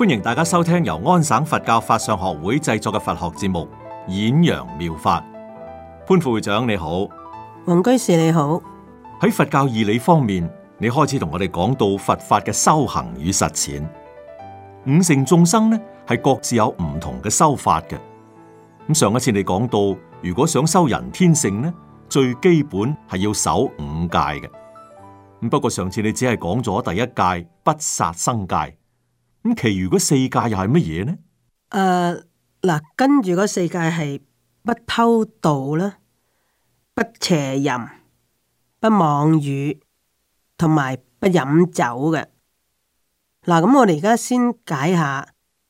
歡迎大家收聽由安省佛教法相學會製作嘅佛學節目《演揚妙，妙法》。潘副會長你好，黃居士你好。喺佛教義理方面，你開始同我哋講到佛法嘅修行與實踐。五乘眾生呢，係各自有唔同嘅修法嘅。咁上一次你講到，如果想修人天性呢，最基本係要守五戒嘅。咁不過上次你只係講咗第一戒不殺生戒。咁其餘嗰四戒又係乜嘢呢？誒、呃，嗱，跟住嗰四戒係不偷盜啦，不邪淫，不妄語，同埋不飲酒嘅。嗱，咁、嗯、我哋而家先解下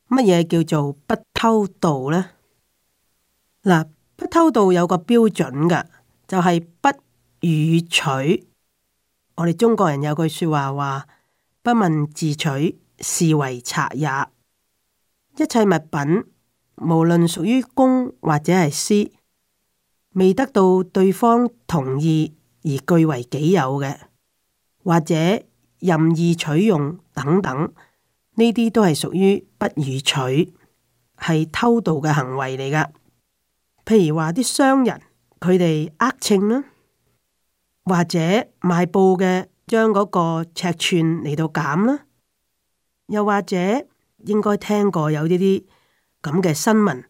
乜嘢叫做不偷盜呢？嗱，不偷盜有個標準噶，就係、是、不予取。我哋中國人有句說話話，不問自取，視為賊也。一切物品，無論屬於公或者係私，未得到對方同意而據為己有嘅，或者任意取用等等，呢啲都係屬於不與取，係偷盜嘅行為嚟噶。譬如話啲商人，佢哋呃秤啦，或者賣布嘅將嗰個尺寸嚟度減啦。又或者應該聽過有呢啲咁嘅新聞，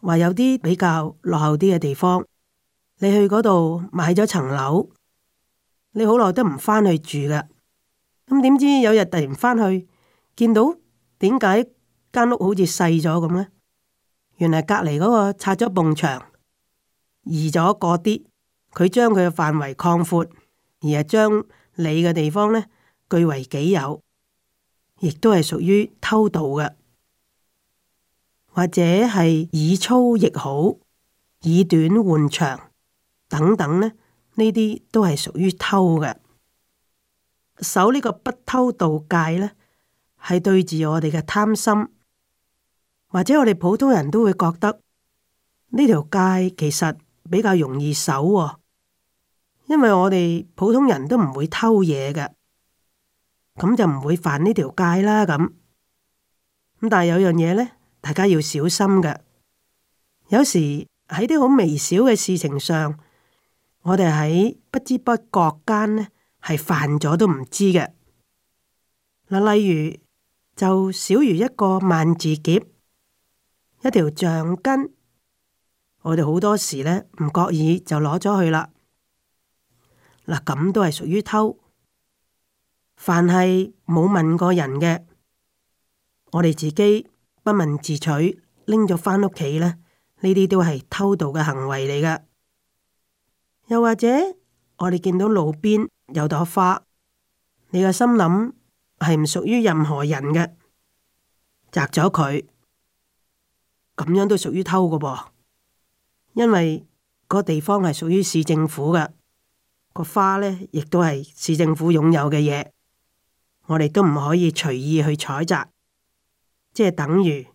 話有啲比較落後啲嘅地方，你去嗰度買咗層樓，你好耐都唔返去住㗎。咁點知有日突然返去，見到點解間屋好似細咗咁呢？原來隔離嗰個拆咗埲牆，移咗個啲，佢將佢嘅範圍擴闊，而係將你嘅地方呢據為己有。亦都係屬於偷盜嘅，或者係以粗易好，以短換長等等咧，呢啲都係屬於偷嘅。守呢個不偷盜戒呢，係對住我哋嘅貪心，或者我哋普通人都會覺得呢條戒其實比較容易守喎，因為我哋普通人都唔會偷嘢嘅。咁就唔會犯呢條戒啦。咁咁，但係有樣嘢呢，大家要小心嘅。有時喺啲好微小嘅事情上，我哋喺不知不覺間呢，係犯咗都唔知嘅。嗱，例如就小如一個萬字夾，一條橡筋，我哋好多時呢唔覺意就攞咗去啦。嗱，咁都係屬於偷。凡係冇問過人嘅，我哋自己不問自取拎咗翻屋企呢，呢啲都係偷盜嘅行為嚟噶。又或者我哋見到路邊有朵花，你個心諗係唔屬於任何人嘅，摘咗佢，咁樣都屬於偷噶噃，因為個地方係屬於市政府嘅，個花呢亦都係市政府擁有嘅嘢。我哋都唔可以隨意去採摘，即係等於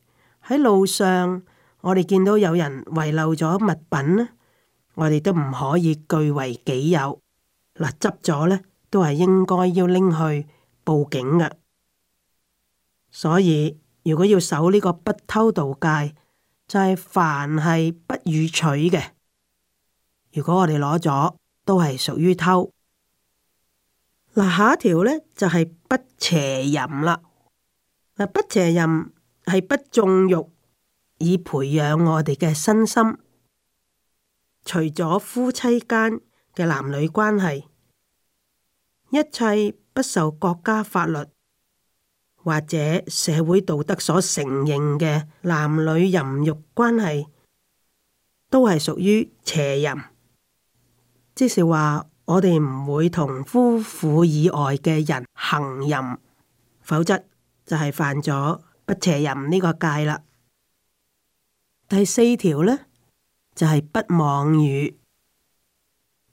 喺路上，我哋見到有人遺漏咗物品咧，我哋都唔可以據為己有。嗱，執咗咧都係應該要拎去報警㗎。所以如果要守呢個不偷盜戒，就係凡係不予取嘅，如果我哋攞咗，都係屬於偷。嗱，下一條呢就係、是、不邪淫啦。嗱，不邪淫係不縱欲，以培養我哋嘅身心。除咗夫妻間嘅男女關係，一切不受國家法律或者社會道德所承認嘅男女淫欲關係，都係屬於邪淫。即是話。我哋唔會同夫婦以外嘅人行淫，否則就係犯咗不邪淫呢個戒啦。第四條呢，就係、是、不妄語。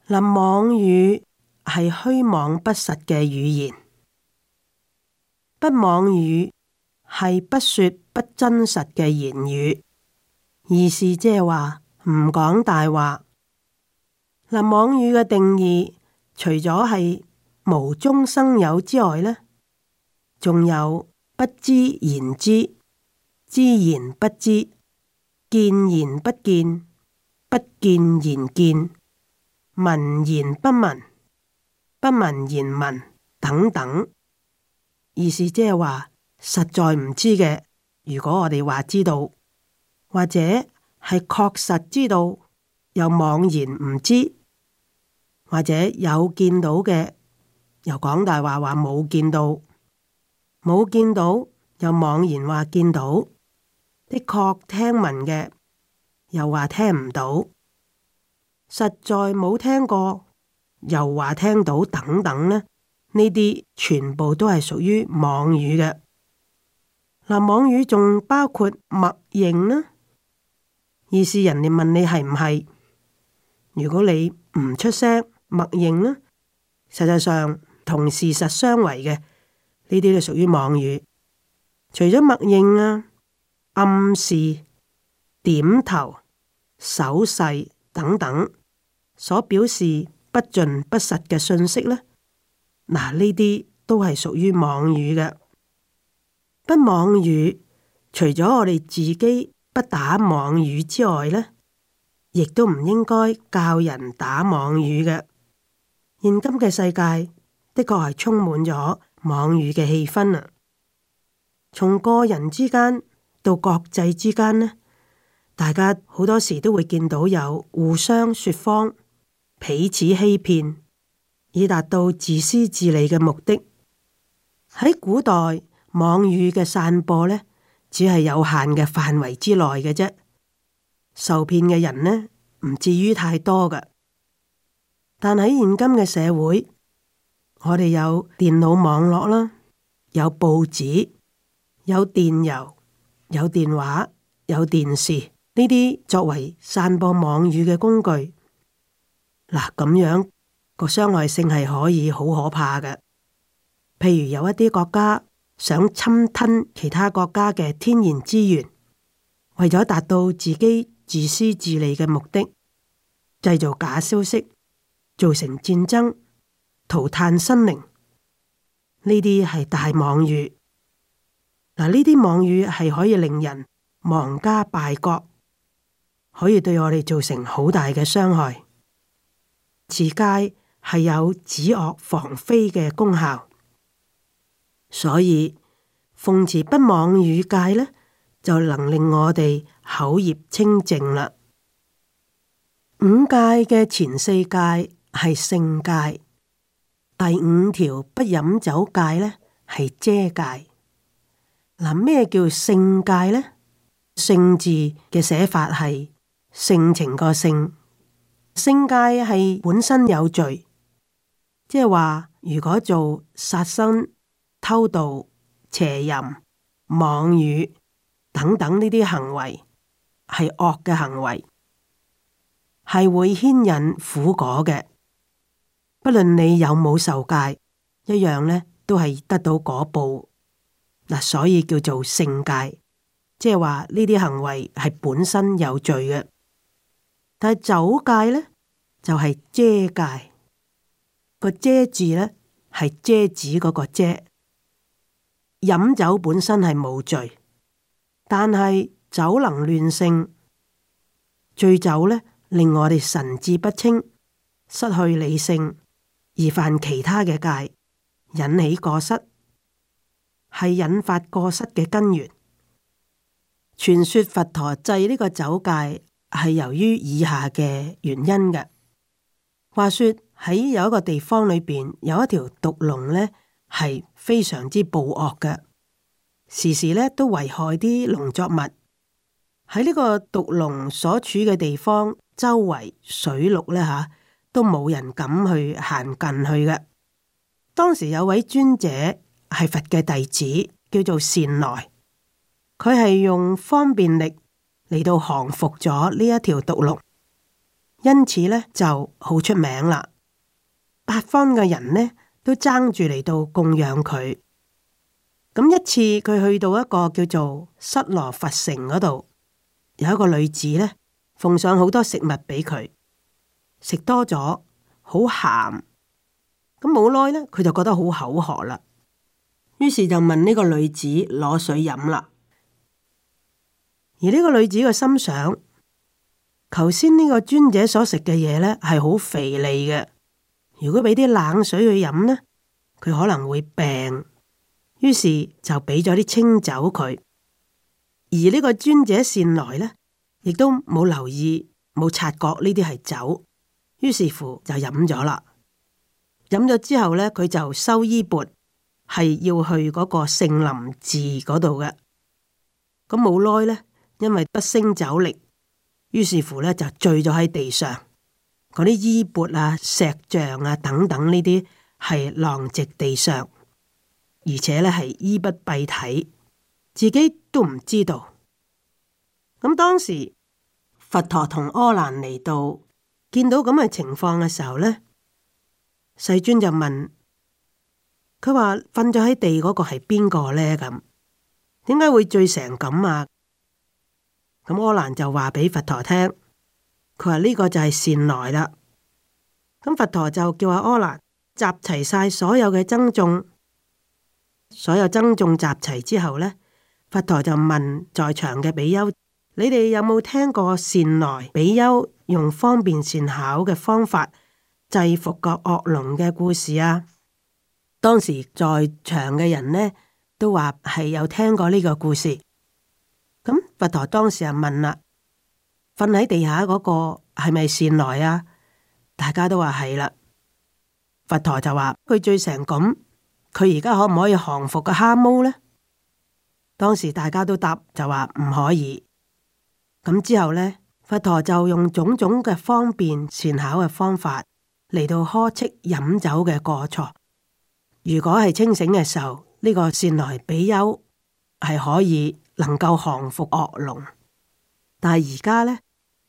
嗱，妄語係虛妄不實嘅語言，不妄語係不說不真實嘅言語，意思即係話唔講大話。嗱，妄語嘅定義，除咗係無中生有之外呢，仲有不知言知，知言不知，見言不見，不見言見，聞言不聞，不聞言聞等等。意思即係話實在唔知嘅，如果我哋話知道，或者係確實知道，又妄言唔知，或者有見到嘅，又講大話話冇見到；冇見到又妄言話見到；的確聽聞嘅又話聽唔到；實在冇聽過又話聽到等等呢，呢啲全部都係屬於妄語嘅。嗱，妄語仲包括默認呢，意思人哋問你係唔係，如果你唔出聲默認啦，實際上同事實相違嘅呢啲都屬於妄語。除咗默認啊、暗示、點頭、手勢等等所表示不盡不實嘅信息呢，嗱呢啲都係屬於妄語嘅。不妄語，除咗我哋自己不打妄語之外呢，亦都唔應該教人打妄語嘅。現今嘅世界的確係充滿咗妄語嘅氣氛啊！從個人之間到國際之間呢，大家好多時都會見到有互相說謊、彼此欺騙，以達到自私自利嘅目的。喺古代，妄語嘅散播呢，只係有限嘅範圍之內嘅啫，受騙嘅人呢，唔至於太多噶。但喺現今嘅社會，我哋有電腦網絡啦，有報紙，有電郵，有電話，有電視呢啲作為散播妄語嘅工具。嗱，咁樣個傷害性係可以好可怕嘅。譬如有一啲國家想侵吞其他國家嘅天然資源，為咗達到自己自私自利嘅目的，製造假消息。造成戰爭、塗炭生靈，呢啲係大妄語。嗱，呢啲妄語係可以令人亡家敗國，可以對我哋造成好大嘅傷害。持戒係有止惡防非嘅功效，所以奉持不妄語戒呢，就能令我哋口業清淨啦。五戒嘅前四戒。係性戒，第五條，不飲酒戒呢，係遮戒。嗱，咩叫性戒呢？性字嘅寫法係性情個性，性戒係本身有罪，即係話如果做殺生、偷盜、邪淫、妄語等等呢啲行為，係惡嘅行為，係會牽引苦果嘅。不論你有冇受戒，一樣咧都係得到果報。嗱，所以叫做性戒，即係話呢啲行為係本身有罪嘅。但係酒戒呢就係、是、遮戒。個遮字呢係遮止嗰個遮。飲酒本身係冇罪，但係酒能亂性，醉酒呢令我哋神志不清，失去理性。而犯其他嘅戒，引起過失，係引發過失嘅根源。傳說佛陀制呢個酒戒，係由於以下嘅原因嘅。話說喺有一個地方裏邊，有一條毒龍呢，係非常之暴惡嘅，時時呢都危害啲農作物。喺呢個毒龍所處嘅地方周圍水陸呢。吓。都冇人敢去行近去嘅。當時有位尊者係佛嘅弟子，叫做善來，佢係用方便力嚟到降服咗呢一條毒龍，因此呢就好出名啦。八方嘅人呢都爭住嚟到供養佢。咁一次佢去到一個叫做室羅佛城嗰度，有一個女子呢奉上好多食物俾佢。食多咗，好鹹，咁冇耐呢，佢就覺得好口渴啦。於是就問呢個女子攞水飲啦。而呢個女子個心想，頭先呢個尊者所食嘅嘢呢，係好肥膩嘅，如果俾啲冷水去飲呢，佢可能會病。於是就俾咗啲清酒佢。而呢個尊者善來呢，亦都冇留意，冇察覺呢啲係酒。於是乎就飲咗啦，飲咗之後呢，佢就收衣缽，係要去嗰個聖林寺嗰度嘅。咁冇耐呢，因為不勝酒力，於是乎呢就醉咗喺地上，嗰啲衣缽啊、石像啊等等呢啲係狼藉地上，而且呢係衣不蔽體，自己都唔知道。咁當時佛陀同阿難嚟到。見到咁嘅情況嘅時候呢，世尊就問佢話：瞓咗喺地嗰個係邊個呢？」咁點解會醉成咁啊？咁阿難就話俾佛陀聽，佢話呢個就係善來啦。咁佛陀就叫阿阿難集齊晒所有嘅僧眾，所有僧眾集齊之後呢，佛陀就問在場嘅比丘：你哋有冇聽過善來？比丘。用方便善巧嘅方法制服個惡龍嘅故事啊！當時在場嘅人呢，都話係有聽過呢個故事。咁佛陀當時就問啦：瞓喺地下嗰、那個係咪善來啊？大家都話係啦。佛陀就話：佢醉成咁，佢而家可唔可以降服個蝦毛呢？當時大家都答就話唔可以。咁之後呢？佛陀就用種種嘅方便善巧嘅方法嚟到呵斥飲酒嘅過錯。如果係清醒嘅時候，呢個善來比丘係可以能夠降服惡龍，但係而家呢，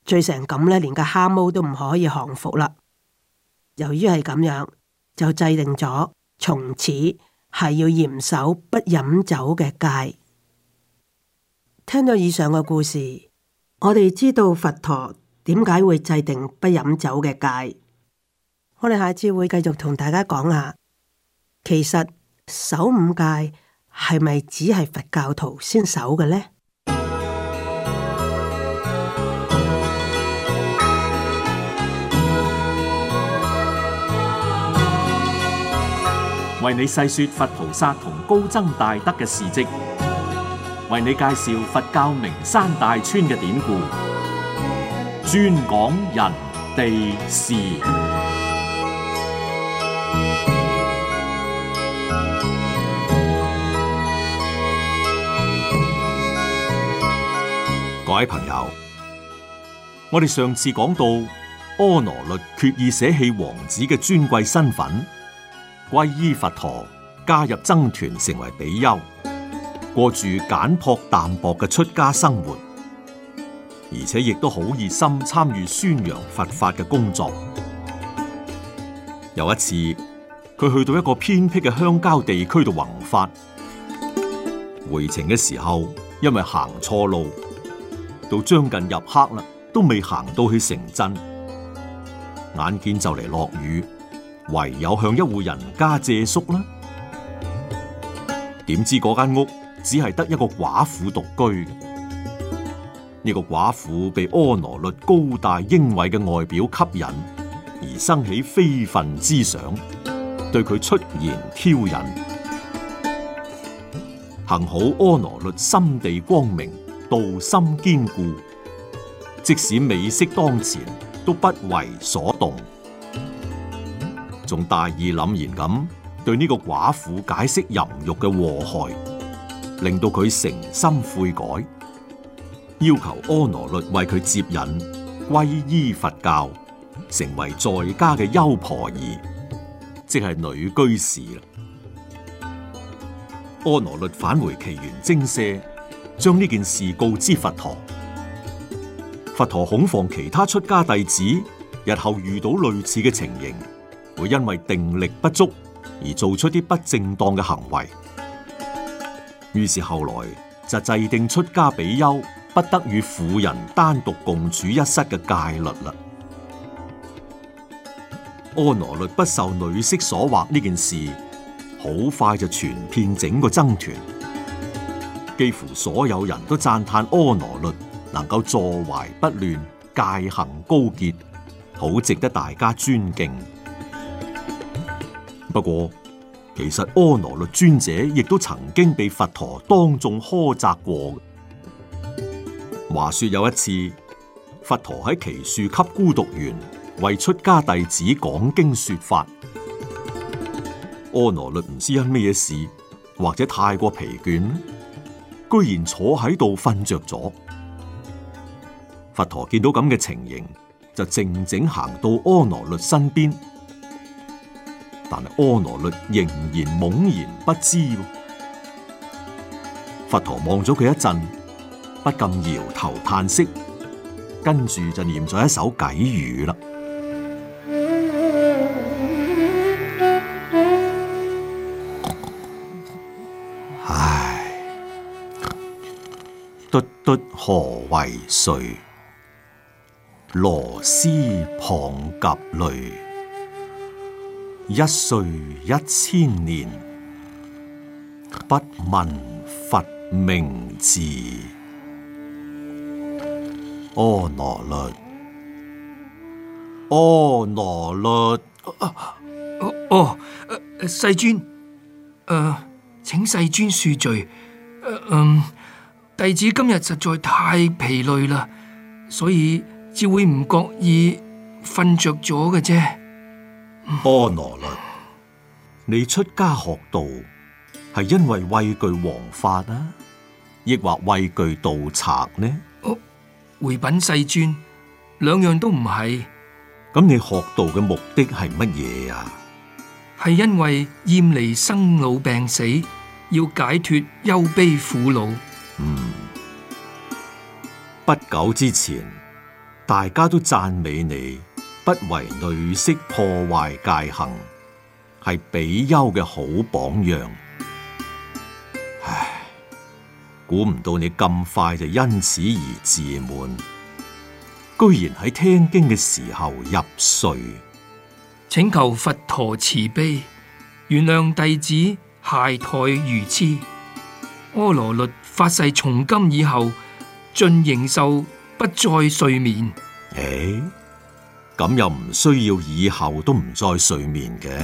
醉成咁呢，連個蝦毛都唔可以降服啦。由於係咁樣，就制定咗從此係要嚴守不飲酒嘅戒。聽到以上嘅故事。我哋知道佛陀點解會制定不飲酒嘅戒，我哋下次會繼續同大家講下，其實守五戒係咪只係佛教徒先守嘅呢？為你細說佛菩薩同高僧大德嘅事跡。為你介紹佛教名山大川嘅典故，專講人地事。各位朋友，我哋上次講到，阿那律決意捨棄王子嘅尊貴身份，皈依佛陀，加入僧團，成為比丘。過住簡樸淡薄嘅出家生活，而且亦都好熱心參與宣揚佛法嘅工作。有一次，佢去到一個偏僻嘅鄉郊地區度弘法，回程嘅時候，因為行錯路，到將近入黑啦，都未行到去城鎮，眼見就嚟落雨，唯有向一戶人家借宿呢。點知嗰間屋，只係得一個寡婦獨居。呢、這個寡婦被阿那律高大英偉嘅外表吸引，而生起非分之想，對佢出言挑釁。幸好阿那律心地光明，道心堅固，即使美色當前都不為所動，仲大義凜然咁對呢個寡婦解釋淫欲嘅禍害。令到佢誠心悔改，要求阿那律為佢接引皈依佛教，成為在家嘅優婆夷，即係女居士啦。阿那律返回祇園精舍，將呢件事告知佛陀。佛陀恐防其他出家弟子日後遇到類似嘅情形，會因為定力不足而做出啲不正當嘅行為。於是後來就制定出家比丘不得與婦人單獨共處一室嘅戒律啦。阿那律不受女色所惑呢件事，好快就傳遍整個僧團，幾乎所有人都讚歎阿那律能夠坐懷不亂，戒行高潔，好值得大家尊敬。不過，其實阿那律尊者亦都曾經被佛陀當眾苛責過。話說有一次，佛陀喺祇樹給孤獨園為出家弟子講經說法，阿那律唔知因咩嘢事，或者太過疲倦，居然坐喺度瞓着咗。佛陀見到咁嘅情形，就靜靜行到阿那律身邊。但係阿那律仍然懵然不知，佛陀望咗佢一陣，不禁搖頭嘆息，跟住就念咗一首偈語啦。唉，咄咄，何為睡？螺螄蚌蛤類。一睡一千年，不聞佛名字。阿那律，阿那律。哦，哦、呃，世尊，誒、呃，請世尊恕罪。嗯、呃，弟子今日實在太疲累啦，所以只會唔覺意瞓着咗嘅啫。波羅律，你出家學道係因為畏懼王法啊，抑或畏懼盜賊呢？回稟世尊，兩樣都唔係。咁你學道嘅目的係乜嘢啊？係因為厭離生老病死，要解脫憂悲苦惱。嗯，不久之前大家都讚美你。不為女色破壞戒行，係比丘嘅好榜樣。唉，估唔到你咁快就因此而自滿，居然喺聽經嘅時候入睡。請求佛陀慈悲原諒弟子懈怠愚癡。阿那律發誓從今以後盡形壽不再睡眠。誒。咁又唔需要以後都唔再睡眠嘅，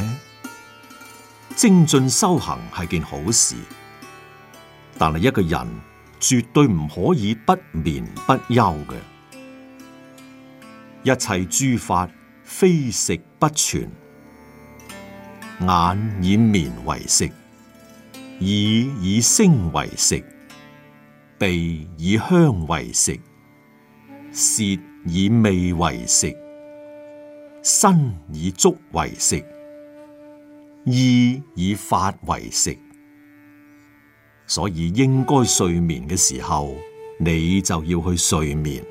精進修行係件好事，但係一個人絕對唔可以不眠不休嘅。一切諸法非食不存，眼以眠為食，耳以聲為食，鼻以香為食，舌以味為食。身以足為食，意以法為食，所以應該睡眠嘅時候，你就要去睡眠。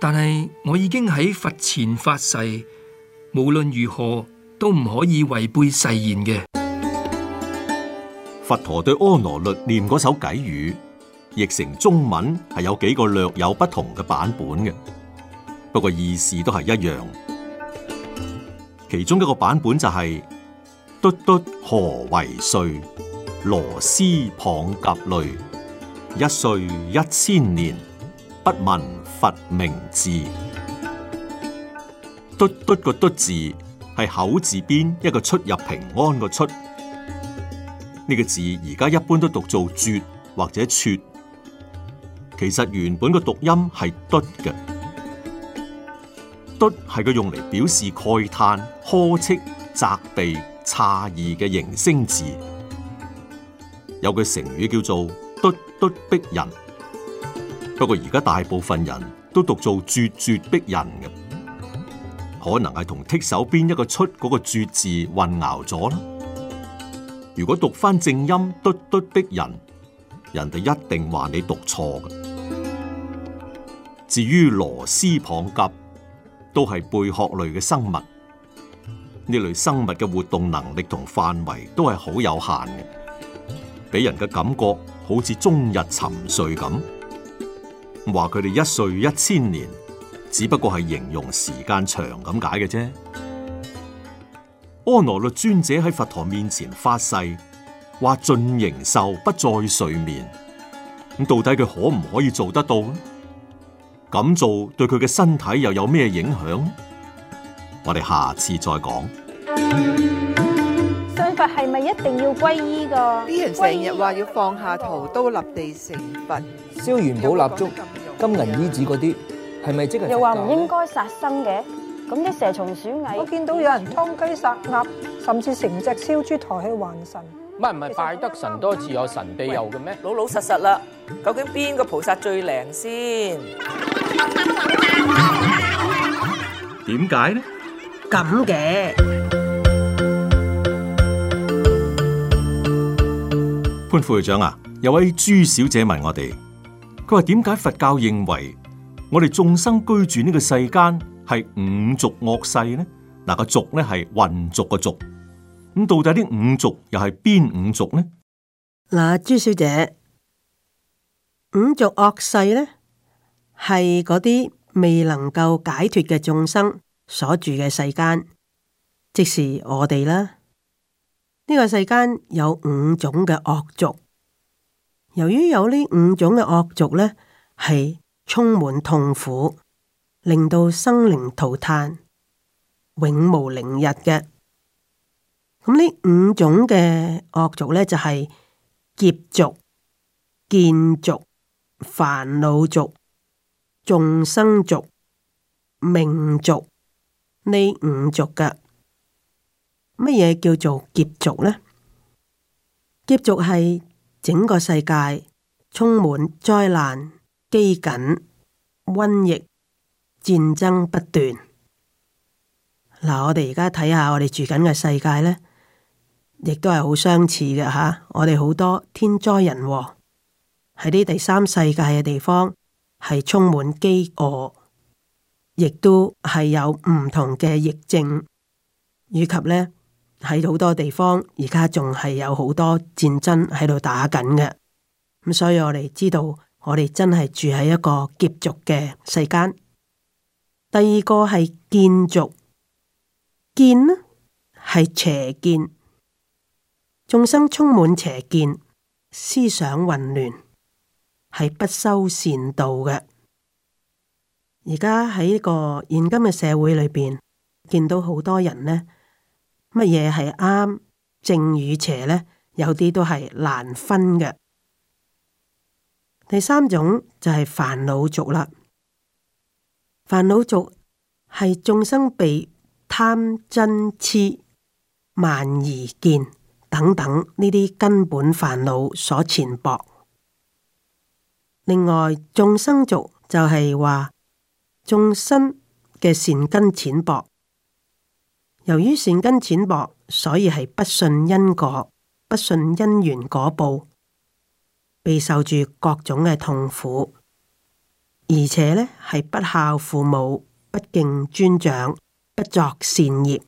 但係我已經喺佛前發誓，無論如何都唔可以違背誓言嘅。佛陀對阿那律念嗰首偈語，譯成中文係有幾個略有不同嘅版本嘅，不過意思都係一樣。其中一個版本就係、是，嘟嘟」何為歲？螺絲蚌甲類，一歲一千年，不聞佛名字。嘟嘟，嘟」個嘟」字係口字邊一個出入平安個出，呢、這個字而家一般都讀做絕或者撮，其實原本個讀音係嘟」嘅。係佢用嚟表示慨嘆、呵斥、責備、詫異嘅形聲字，有句成語叫做咄咄逼人。不過而家大部分人都讀做拙拙逼人嘅，可能係同剔手邊一個出嗰、那個拙字混淆咗啦。如果讀翻正音咄咄逼人，人哋一定話你讀錯嘅。至於螺絲蚌蛤。都係貝殼類嘅生物，呢類生物嘅活動能力同範圍都係好有限嘅，俾人嘅感覺好似終日沉睡咁。話佢哋一睡一千年，只不過係形容時間長咁解嘅啫。阿那律尊者喺佛陀面前發誓，話盡形壽不再睡眠。咁到底佢可唔可以做得到咧？咁做對佢嘅身體又有咩影響？我哋下次再講。信佛係咪一定要皈依噶？啲人成日話要放下屠刀立地成佛，燒元寶蠟燭、金銀衣紙嗰啲，係咪即係？又話唔應該殺生嘅，咁啲蛇蟲鼠蟻，我見到有人湯雞殺鴨，甚至成隻燒豬抬去還神。唔係唔係拜得神多自有神庇佑嘅咩？老老實實啦，究竟邊個菩薩最靈先？點解、嗯、呢？咁嘅潘副會長啊，有位朱小姐問我哋，佢話點解佛教認為我哋眾生居住呢個世間係五濁惡世呢？嗱、那，個濁呢係混濁嘅濁，咁到底啲五濁又係邊五濁呢？嗱，朱小姐，五濁惡世呢係嗰啲。未能夠解脫嘅眾生所住嘅世間，即是我哋啦。呢、這個世間有五種嘅惡濁，由於有呢五種嘅惡濁呢，係充滿痛苦，令到生靈塗炭，永無寧日嘅。咁呢五種嘅惡濁呢，就係、是、劫濁、見濁、煩惱濁、眾生濁、命濁，呢五濁嘅，乜嘢叫做劫濁呢？劫濁係整個世界充滿災難、饑饉、瘟疫、戰爭不斷。嗱，我哋而家睇下我哋住緊嘅世界呢，亦都係好相似嘅吓。我哋好多天災人禍喺啲第三世界嘅地方，係充滿飢餓，亦都係有唔同嘅疫症，以及呢，喺好多地方，而家仲係有好多戰爭喺度打緊嘅。咁所以我哋知道，我哋真係住喺一個劫濁嘅世間。第二個係見濁，見呢係邪見，眾生充滿邪見，思想混亂。係不修善道嘅。而家喺呢個現今嘅社會裏邊，見到好多人呢，乜嘢係啱正與邪呢？有啲都係難分嘅。第三種就係煩惱族啦。煩惱族係眾生被貪嗔痴、慢而見等等呢啲根本煩惱所纏縛。另外，眾生濁，就係話眾生嘅善根淺薄，由於善根淺薄，所以係不信因果，不信因緣果報，備受住各種嘅痛苦，而且呢，係不孝父母，不敬尊長，不作善業。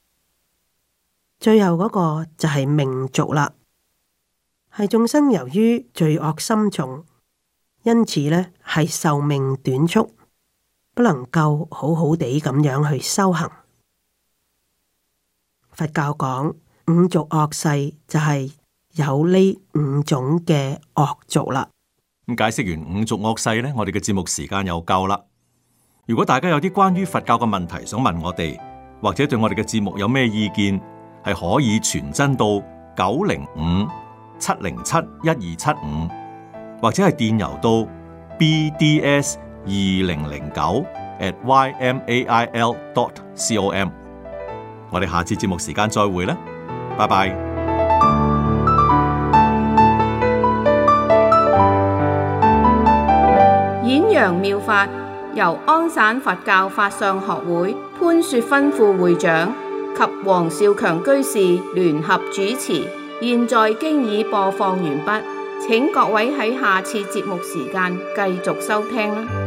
最後嗰個就係命濁啦，係眾生由於罪惡深重。因此咧，係壽命短促，不能夠好好地咁樣去修行。佛教講五濁惡世，就係有呢五種嘅惡濁啦。咁解釋完五濁惡世咧，我哋嘅節目時間又夠啦。如果大家有啲關於佛教嘅問題想問我哋，或者對我哋嘅節目有咩意見，係可以傳真到九零五七零七一二七五。或者係電郵到 bds 二零零九 atymail.dotcom，我哋下次節目時間再會啦，拜拜。演揚妙法由安省佛教法相學會潘雪芬副會長及黃少強居士聯合主持，現在經已播放完畢。請各位喺下次節目時間繼續收聽。